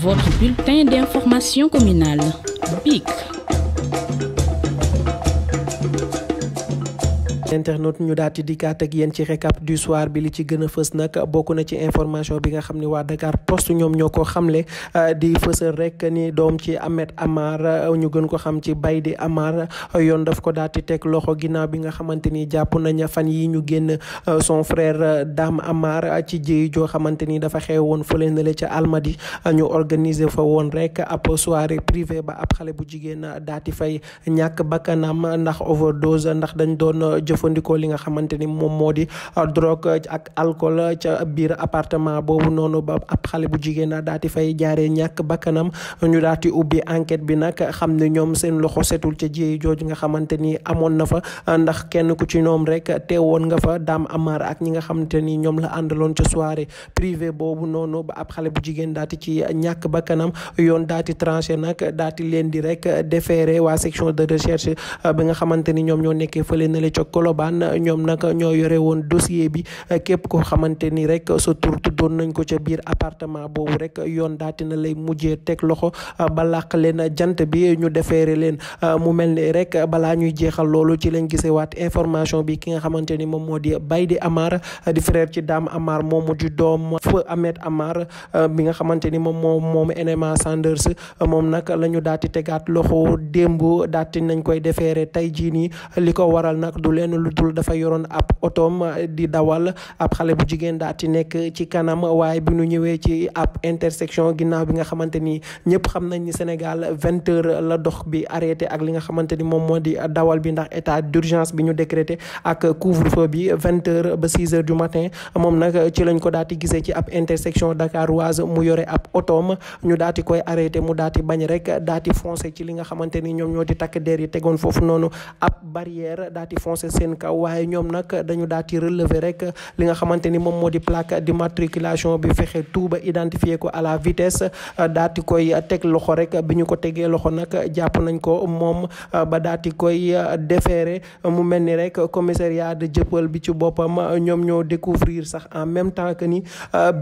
Votre bulletin d'information communale, BIC. internet ñu daal di dikkaat ak yéen ci récap du soir bi li ci gën fës nag bokk ci information bi nga xam ni waa Dakar Post ñoom ñoo ko xamle euh, di fësal rek ni doom ci Ahmed Amar euh, ñu gën ko xam ci Baydi Amar a euh, daf ko daal teg loxo ginnaaw bi nga xamante ni jàpp nañ fan yi ñu génn son frère Dame Amar ci jéey joo xamante ni dafa xew woon fële na le ca Almadi ñu organiser fa woon rek ab soirée privée ba ab xale bu jigéen daal di fay ñàkk jëfandikoo li nga xamante ni moom moo di euh, drogue euh, ak alcool euh, ca biir appartement boobu noonu ba ab xale bu jigéen daal di fay jaaree ñàkk bakkanam ñu daal di ubbi enquête bi nag xam ne ñoom seen loxo setul ca jiyee jooju nga xamante ni amoon na fa ndax kenn ku ci ñoom rek teewoon nga fa Dame Amar ak ñi nga xamante ni ñoom la àndaloon ca soirée privée boobu noonu ba ab xale bu jigéen daal di ci ñàkk bakkanam yoon daal di tranché nag daal di leen di rek déféré waa section de recherche bi nga xamante ni ñoom ñoo nekkee fële na le ca Colobane ñoom nag ñoo yore woon dossier bi képp koo xamante ni rek sa tur nañ ko ca biir appartement boobu rek yoon daati na lay mujjee teg loxo ba làq leen jant bi ñu defeere leen mu mel ni rek balaa ñuy jeexal loolu ci lañ gisewaat information bi ki nga xamante ni moom moo di Baydi Amar di frère ci Dame Amar moomu di doom feu Ahmed Amar bi nga xamante ni moom moom moom NMA moom nag la ñu daati tegaat loxo démb daati nañ koy defeere tey jii li ko waral nag du leen lu dul dafa yoroon ab otoom eh, di dawal ab xale bu jigéen daal di nekk ci kanam waaye bi nu ñëwee ci ab intersection ginnaaw bi nga xamante ni ñëpp xam nañ ni Sénégal vingt heures la dox bi arrêté ak li nga xamante ni moom moo di dawal bi ndax état d'urgence bi ñu décrété ak bi vingt heures ba six heures du matin moom nag ci lañ ko daal di gisee ci ab intersection dakaroise mu yore ab otoom ñu daal di koy arrêté mu daal di bañ rek daal di foncé ci li nga xamante ñoom ñoo di takk der yi tegoon foofu noonu ab barrière daal di seen kaw waaye ñoom nag dañu daal di relever rek li nga xamante ni moom moo di plaque matriculation bi fexe Touba identifier ko à la vitesse daal di koy teg loxo rek bi ñu ko tegee loxo nag jàpp nañ ko moom ba daal di koy déféré mu mel ni rek commissariat de jëppal bi ci boppam ñoom ñoo découvrir sax en même temps que ni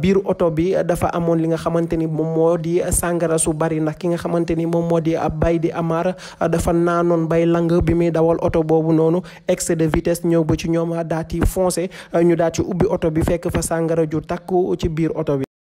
biir oto bi dafa amoon li nga xamante ni moom moo di sàngara su bari ndax ki nga xamante ni moom moo di bay di amaar dafa naanoon bay lang bi muy dawal oto boobu noonu excès de vitesse ñëw ba ci ñoom daal di foncé ñu daal ci ubbi oto bi fekk fa sàngara ju takku ci biir oto bi.